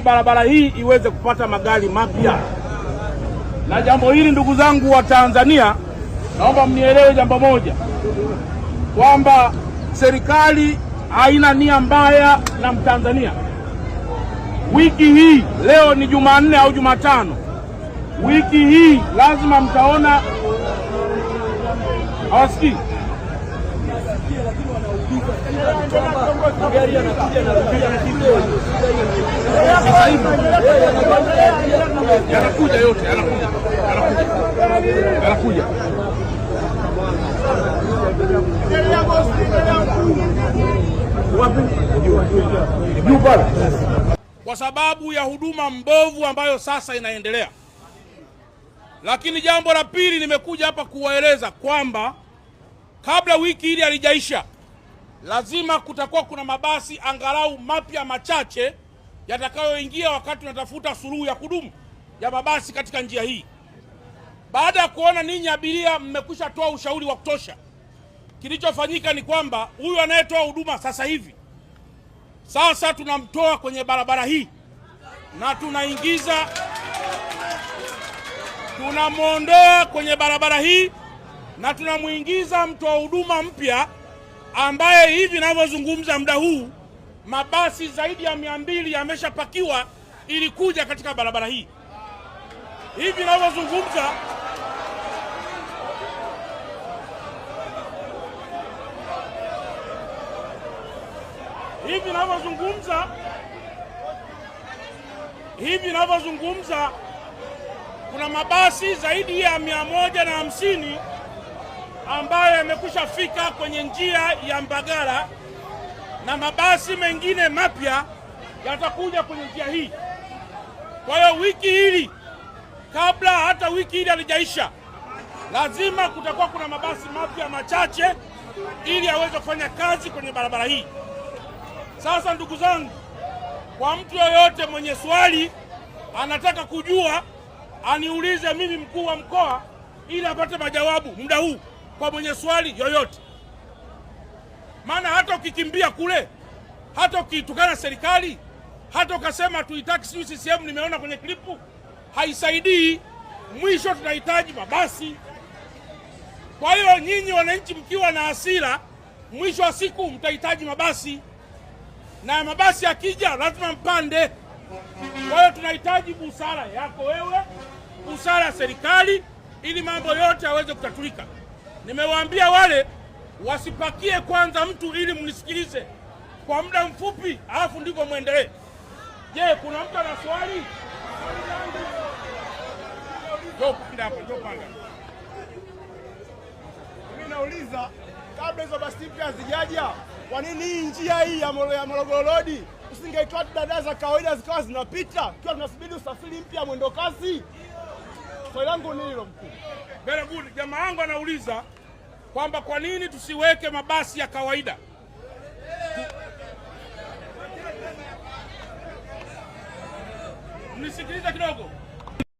ili barabara hii iweze kupata magari mapya. Na jambo hili ndugu zangu wa Tanzania, naomba mnielewe jambo moja kwamba serikali haina nia mbaya na Mtanzania. Wiki hii leo ni Jumanne au Jumatano, wiki hii lazima mtaona hawasikii lakini kwamba magari yanakuja na yanakuja yote yanakuja yanakuja yanakuja kwa sababu ya huduma mbovu ambayo sasa inaendelea. Lakini jambo la pili, nimekuja hapa kuwaeleza kwamba kabla wiki hili halijaisha, lazima kutakuwa kuna mabasi angalau mapya machache yatakayoingia wakati tunatafuta suluhu ya kudumu ya mabasi katika njia hii. Baada ya kuona ninyi abiria mmekwisha toa ushauri wa kutosha, kilichofanyika ni kwamba huyu anayetoa huduma sasa hivi, sasa tunamtoa kwenye barabara hii na tunaingiza tunamwondoa kwenye barabara hii na tunamwingiza wa huduma mpya ambaye hivi ninavyozungumza muda huu mabasi zaidi ya mia mbili yameshapakiwa ili kuja katika barabara hii. Hivi ninavyozungumza hivi ninavyozungumza hivi ninavyozungumza kuna mabasi zaidi ya mia moja na hamsini ambayo yamekwisha fika kwenye njia ya Mbagala na mabasi mengine mapya yatakuja kwenye njia hii. Kwa hiyo wiki hili, kabla hata wiki hili halijaisha, lazima kutakuwa kuna mabasi mapya machache ili aweze kufanya kazi kwenye barabara hii. Sasa ndugu zangu, kwa mtu yoyote mwenye swali anataka kujua aniulize mimi mkuu wa mkoa ili apate majawabu muda huu kwa mwenye swali yoyote, maana hata ukikimbia kule, hata ukiitukana serikali, hata ukasema tuitaki sijui CCM, nimeona kwenye klipu haisaidii. Mwisho tunahitaji mabasi. Kwa hiyo nyinyi wananchi, mkiwa na hasira, mwisho wa siku mtahitaji mabasi, na mabasi akija lazima mpande. Kwa hiyo tunahitaji busara yako wewe, busara ya serikali, ili mambo yote yaweze kutatulika. Nimewaambia wale wasipakie kwanza mtu ili mnisikilize kwa muda mfupi, alafu ndivyo mwendelee. Je, kuna mtu ana swali? Mimi nauliza kabla hizo basi mpya hazijaja, kwa nini hii njia hii ya Morogoro Road usingeitwa dada za kawaida zikawa zinapita, kiwa tunasubiri usafiri mpya mwendo kasi? Swali langu ni hilo mkuu yangu, jamaa yangu anauliza kwamba kwa nini tusiweke mabasi ya kawaida Nisikiliza kidogo